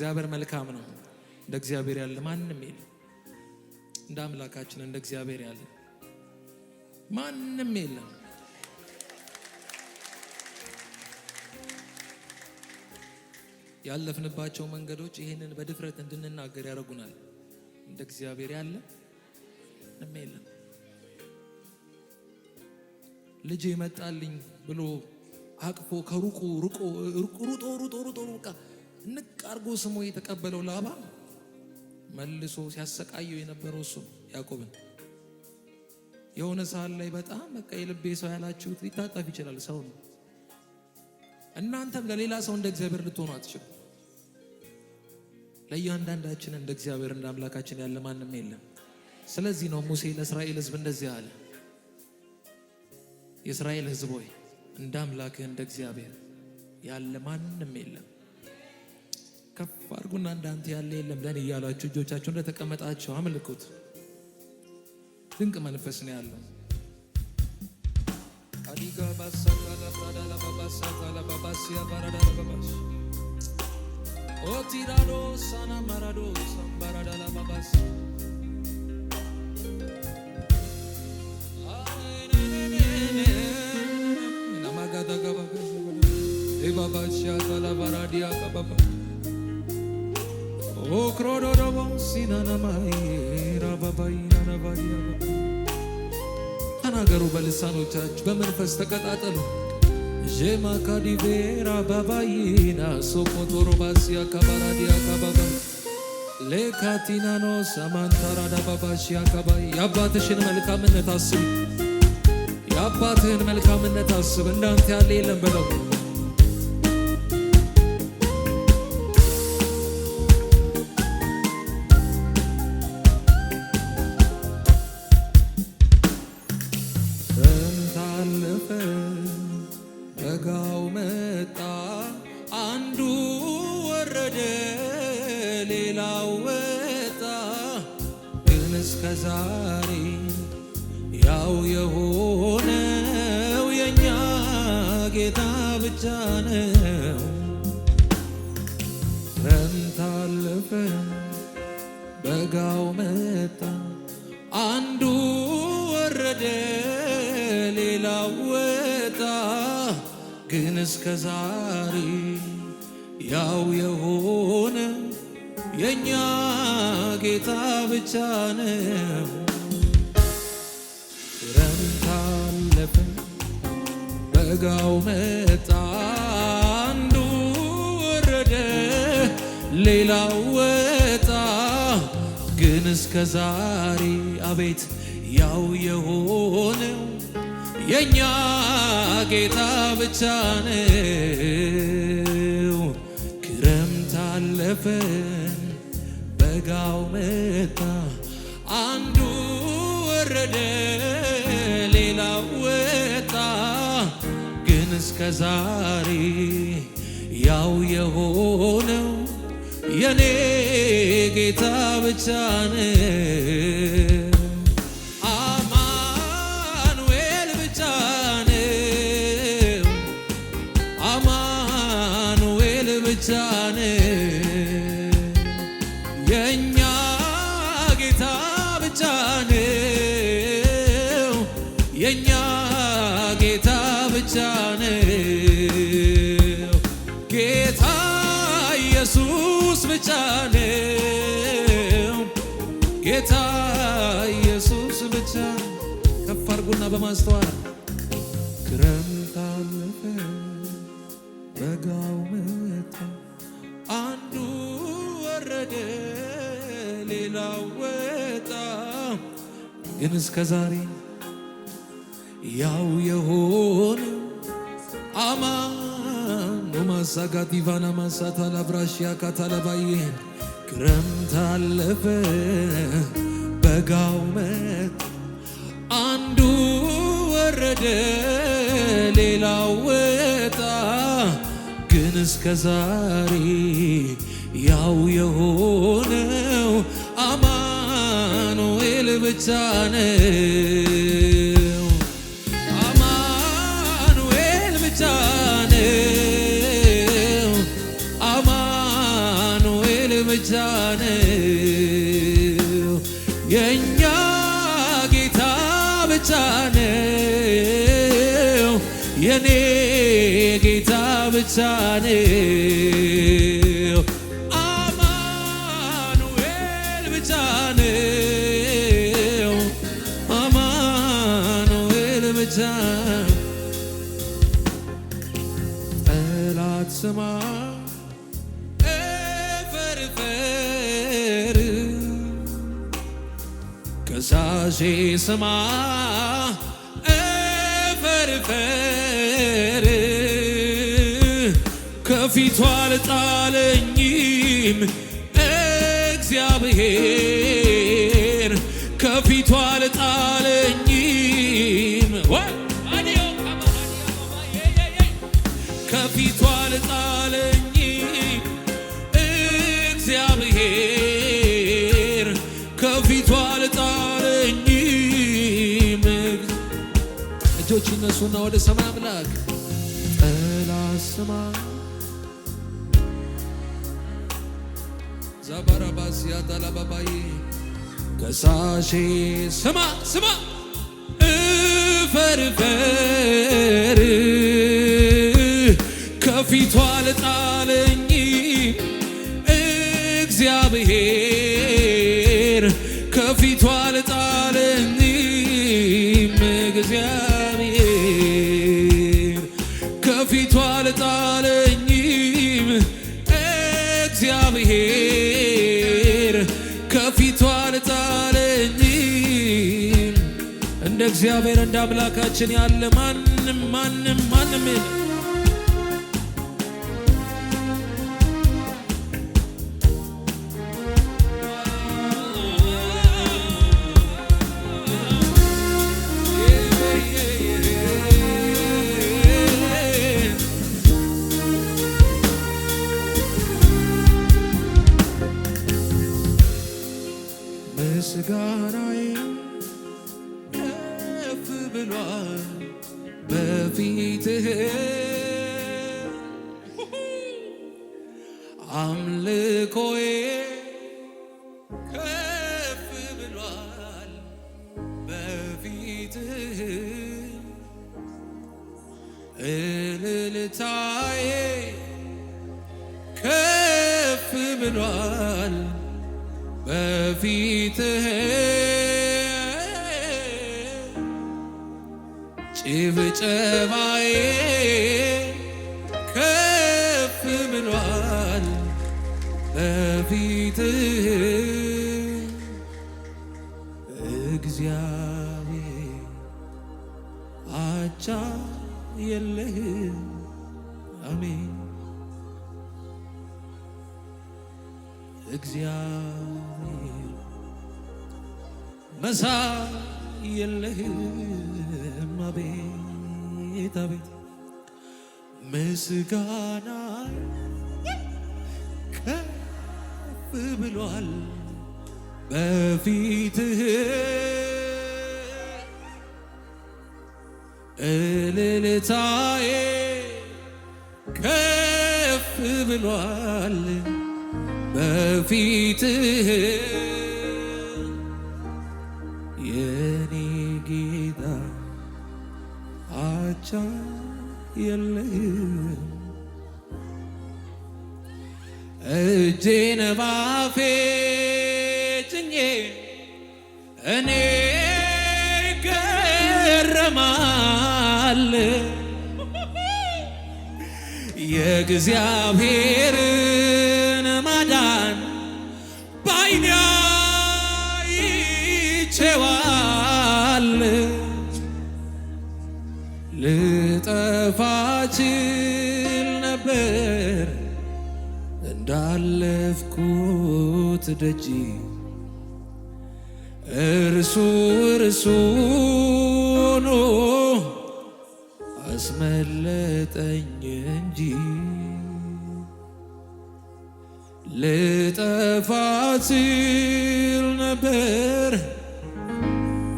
እግዚአብሔር መልካም ነው። እንደ እግዚአብሔር ያለ ማንም የለም። እንደ አምላካችን እንደ እግዚአብሔር ያለ ማንም የለም። ያለፍንባቸው መንገዶች ይህንን በድፍረት እንድንናገር ያደርጉናል። እንደ እግዚአብሔር ያለ ምንም የለም። ልጅ መጣልኝ ብሎ አቅፎ ከሩቁ ሩጦ ሩጦ ሩጦ ሩጦ ንቅ አርጎ ስሞ የተቀበለው ላባ መልሶ ሲያሰቃየው የነበረው እሱ ያዕቆብን የሆነ ሰዓት ላይ በጣም በቃ የልቤ ሰው ያላችሁት ሊታጠፍ ይችላል። ሰው ነው። እናንተም ለሌላ ሰው እንደ እግዚአብሔር ልትሆኑ አትችሉ። ለእያንዳንዳችን እንደ እግዚአብሔር እንደ አምላካችን ያለ ማንም የለም። ስለዚህ ነው ሙሴ ለእስራኤል ሕዝብ እንደዚህ አለ፣ የእስራኤል ሕዝብ ሆይ እንደ አምላክህ እንደ እግዚአብሔር ያለ ማንም የለም። ከፍ አድርጉና እንዳንተ ያለ የለም ደን እያላችሁ እጆቻችሁ እንደተቀመጣችሁ አምልኩት። ድንቅ መንፈስ ነው ያለው። ኦቲራዶ ሳና ማራዶ ሳምባራዳላ ባባስ ናማጋዳጋባ ባባሻ ባራዲያ ባባ ተናገሩ በልሳኖቻችሁ በመንፈስ ተቀጣጠሉ። ዤማካዲቬራ ባባይና ሶቆቶሮባሲያ ካባራዲያ ካባባ ሌካቲናኖ ሳማንታራዳ ባባሺያ ካባይ የአባትሽን መልካምነት አስብ፣ የአባትህን መልካምነት አስብ። እንዳንተ ያለ የለም ብለው እስከ ዛሬ ያው የሆነ የእኛ ጌታ ብቻ ነው። ክረምት አለፈ፣ በጋው መጣ፣ አንዱ ወረደ፣ ሌላው ወጣ፣ ግን እስከ ዛሬ አቤት ያው የሆነው የእኛ ጌታ ብቻ ነው። ክረምት አለፈን በጋው መጣ፣ አንዱ ወረደ ሌላው ወጣ፣ ግን እስከ ዛሬ ያው የሆነው የኔ ጌታ ብቻ ነው። አማኑኤል ብቻ ነው የእኛ ጌታ ብቻ ነው የእኛ ጌታ ብቻ ነው ጌታ ኢየሱስ ብቻ ነው ጌታ ኢየሱስ ብቻ ከፍ አድርጉና በማስተዋል ስጋው መጣ አንዱ ወረደ ሌላው ወጣ ግን እስከ ዛሬ ያው የሆነ አማኑ ማሳጋት ኢቫና ማሳታ ላብራሽያ ካታለባይን ክረምት አለፈ በጋው መጣ አንዱ ወረደ ሌላው ወጣ እስከ ዛሬ ያው የሆነው አማኑኤል ብቻ ነው። አማኑኤል ብቻ ነው። አማኑኤል ብቻ ነው። የእኛ ጌታ ብቻ ነው የኔ ብቻነው አማኑኤል ብቻነው አማኑኤል ብቻ ጠላት ስማ እፈርፈር ከሳሼ ስማ እፈርፈር ከፊቱ አልጣለኝም እግዚአብሔር ከፊቱ አልጣለኝም ከፊቱ አልጣለኝም እግዚአብሔር ከፊቱ አልጣለኝም እጆች እነሱና ወደ ሰማይ አምላክ ጠላ ስማ ዛባራባስያታላባባይ ከሳሼ ስማ ስማ እፈርፈር ከፊቷ ልጣ እግዚአብሔር እንደ አምላካችን ያለ ማንም ማንም ማንም የለም። በፊትህ አምልኮዬ ከፍ ብሏል በፊትህ እልልታዬ ከፍ ብሏል በፊትህ ጨባዬ ከፍ ብሏል በፊትህ እግዚአብሔር አቻ የለህም። አሜን እግዚአብሔር መሳ የለህም አቤት አቤት አቤት ምስጋና ከፍ ብሏል በፊትህ እልልታዬ ከፍ ብሏል በፊትህ የለህም እጄን ባፌ ጭኜ እኔ ገረማል የእግዚአብሔር ሕይወት ደጅ እርሱ እርሱ ኑ አስመለጠኝ እንጂ ልጠፋ ሲል ነበር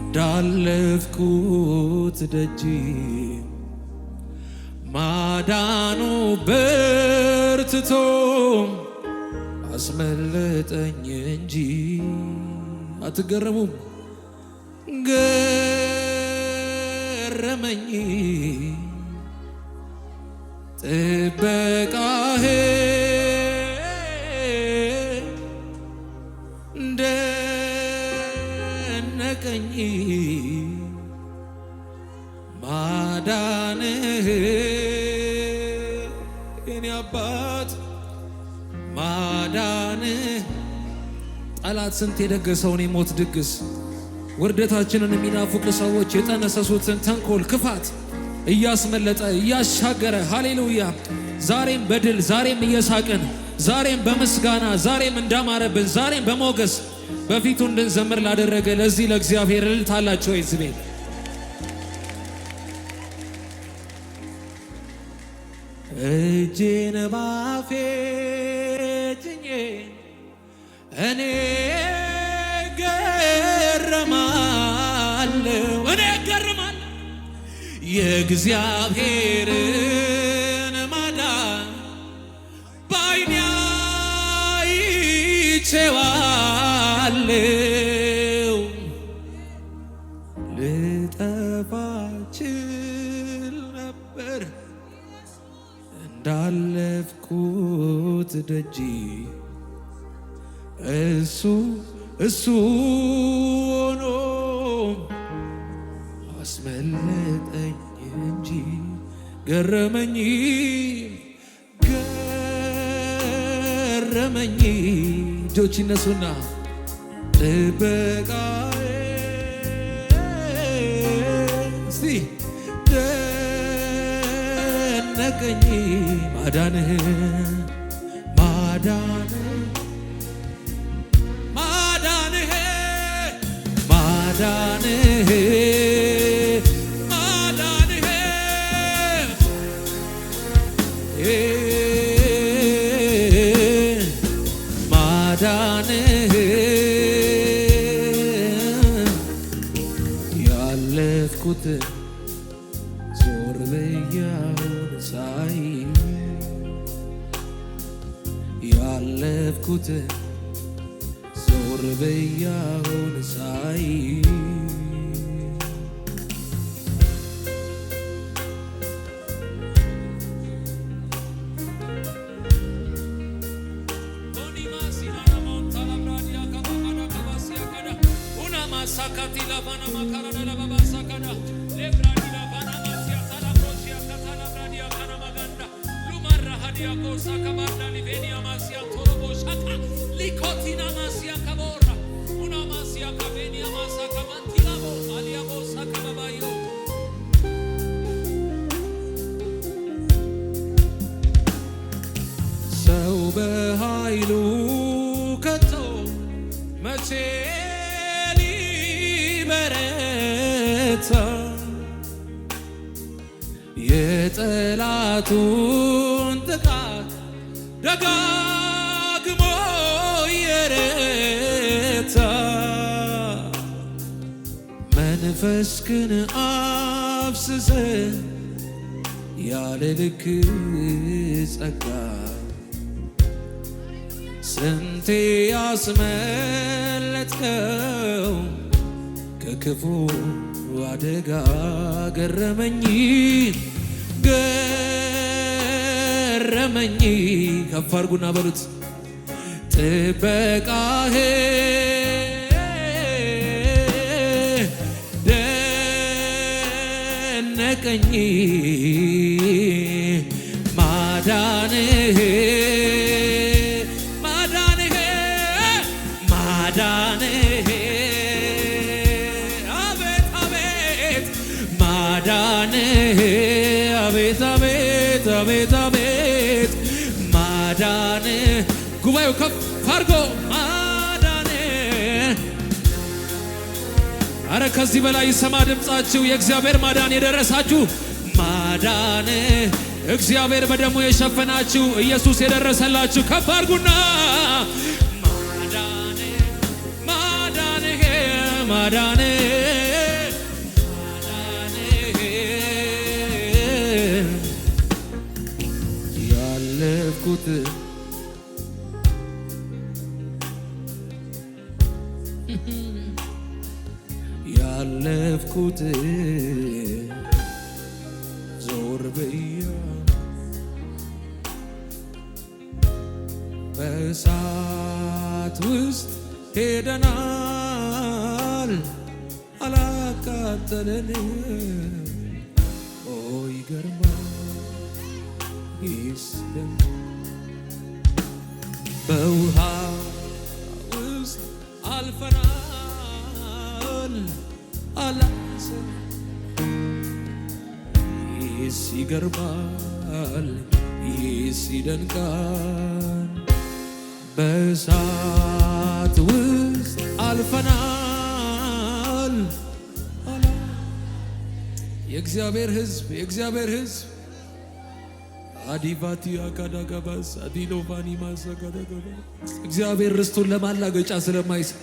እንዳለፍኩት ደጅ ማዳኑ በርትቶም አስመለጠኝ እንጂ አትገረሙም? ገረመኝ ጥበቃሄ ደነቀኝ ማዳንህ የኔ አባት ማዳንህ ጠላት ስንት የደገሰውን የሞት ድግስ ውርደታችንን የሚናፍቁ ሰዎች የጠነሰሱትን ተንኮል ክፋት እያስመለጠ እያሻገረ ሃሌሉያ ዛሬም በድል ዛሬም እየሳቅን ዛሬም በምስጋና ዛሬም እንዳማረብን ዛሬም በሞገስ በፊቱ እንድንዘምር ላደረገ ለዚህ ለእግዚአብሔር እልልታ አላቸው ሕዝቤ። እጄን ባፌ እኔ ገረማለሁ እኔ ገረማለሁ የእግዚአብሔርን ማዳን ባይኔ አይቼዋለሁ። ልጠፋ ነበር እንዳለፍኩት ደጅ እሱ እሱ ሆኖ አስመለጠኝ እንጂ ገረመኝ ገረመኝ እጆች ይነሱና ጥበቃዬ ደነቀኝ ማዳንህ ማዳንህ ማዳንህ ማዳንህ ማዳንህ ያለፍኩት ዞር ብያውን ሳይ ያለፍኩት بياه نسعي sakati la bana makara la baba sakana lebrani la bana masia tala prosia lumarra kosa kabanda livenia masia torobo likotina masia kabor ሰው በኃይሉ ከቶ መቼ ሊበረታ የጠላቱን ጥቃት ደጋ መንፈስክን አፍስሰ ያለ ልክ ጸጋ ስንቴ ያስመለጥከው ከክፉ አደጋ ገረመኝ ገረመኝ ከፍ አድርጉና በሉት ጥበቃህ ቀኝ ማዳንህ ከዚህ በላይ ይሰማ ድምፃችሁ። የእግዚአብሔር ማዳን የደረሳችሁ ማዳን እግዚአብሔር በደሙ የሸፈናችሁ ኢየሱስ የደረሰላችሁ ከፍ አድርጉና ማዳን ማዳን ያልኩት ዞር ብያ በእሳት ውስጥ ሄደናል አላቃጠለን ኦ ይገርማል ይስደም በውሃ ይገርማል፣ ይህስ ይደንቃል። በእሳት ውስጥ አልፈናል። የእግዚአብሔር ሕዝብ የእግዚአብሔር ሕዝብ አዲቫቲ አካዳጋባስ አዲኖቫኒ ማሳካዳጋባ እግዚአብሔር ርስቱን ለማላገጫ ስለማይሰጥ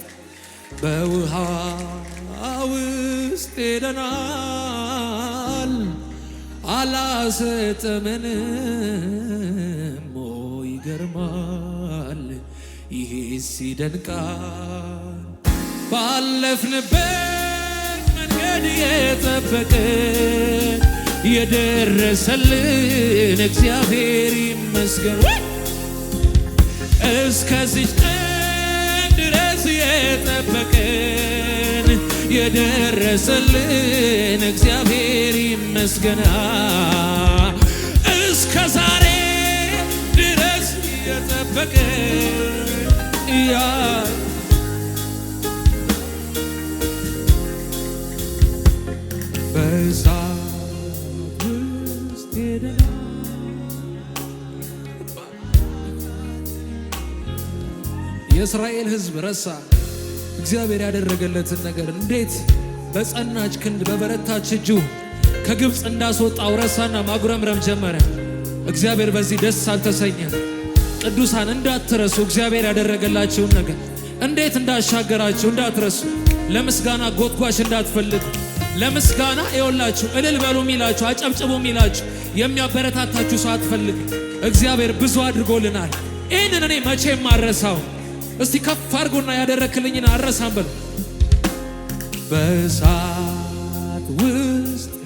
በውሃ ውስጥ ሄደናል አላሰጠመንም ሞይ ይገርማል ይሄ ሲደንቃል ባለፍንበት መንገድ የጠበቀን የደረሰልን እግዚአብሔር ይመስገን እስከዚህ ቀን ድረስ የጠበቀን የደረሰልን ምስገና እስከ ዛሬ ድረስ የጠበቀ ያ በእሳት ውስጥ ሄደናል የእስራኤል ሕዝብ ረሳ እግዚአብሔር ያደረገለትን ነገር እንዴት በጸናች ክንድ በበረታች እጁ ከግብፅ እንዳስወጣው ረሳና ማጉረምረም ጀመረ። እግዚአብሔር በዚህ ደስ አልተሰኘም። ቅዱሳን እንዳትረሱ እግዚአብሔር ያደረገላችሁን ነገር እንዴት እንዳሻገራችሁ እንዳትረሱ። ለምስጋና ጎትጓሽ እንዳትፈልጉ። ለምስጋና ይወላችሁ እልል በሉ ሚላችሁ፣ አጨብጭቡ ሚላችሁ፣ የሚያበረታታችሁ ሰው አትፈልግ። እግዚአብሔር ብዙ አድርጎልናል። ይህንን እኔ መቼ ማረሳው እስቲ ከፍ አድርጎና ያደረክልኝን አረሳም በሉ በሳ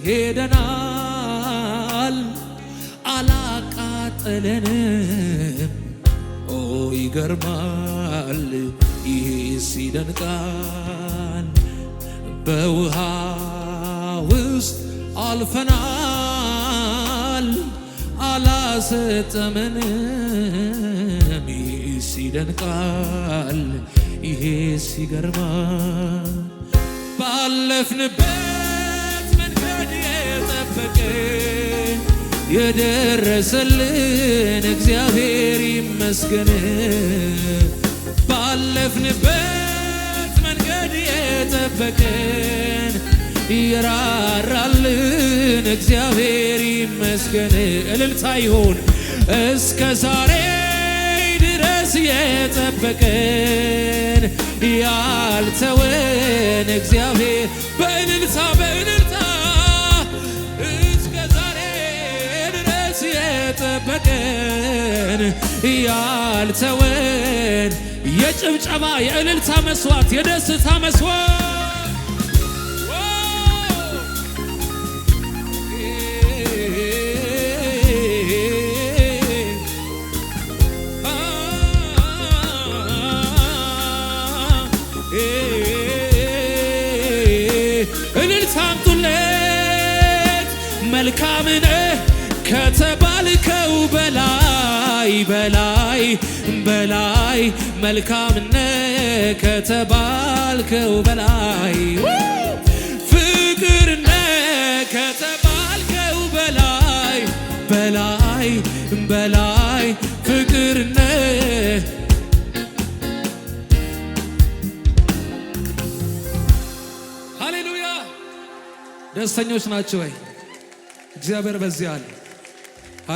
ሄደናል አላቃጠለንም። ኦ ይገርማል፣ ይህ ይደንቃል በውሃ ውስጥ አልፈናል አላሰጠመንም። ይህ ሲደንቃል፣ ይሄ ሲገርማል ባለፍንበት የጠበቀን የደረሰልን እግዚአብሔር ይመስገን። ባለፍንበት መንገድ የጠበቀን ይራራልን እግዚአብሔር ይመስገን። እልልታ ይሆን እስከ ዛሬ ድረስ የጠበቀን ያልተወን እግዚአብሔር በእልልታ በእልል የጠበቀን ያልተወን የጭብጨባ የእልልታ መስዋዕት የደስታ መስዋዕት እልልታ አምጡለት መልካምነ በላይ በላይ በላይ መልካምነት ከተባልከው በላይ ፍቅርነት ከተባልከው በላይ በላይ በላይ ፍቅርነት ሃሌሉያ ደስተኞች ናቸው ወይ? እግዚአብሔር በዚህ አለ።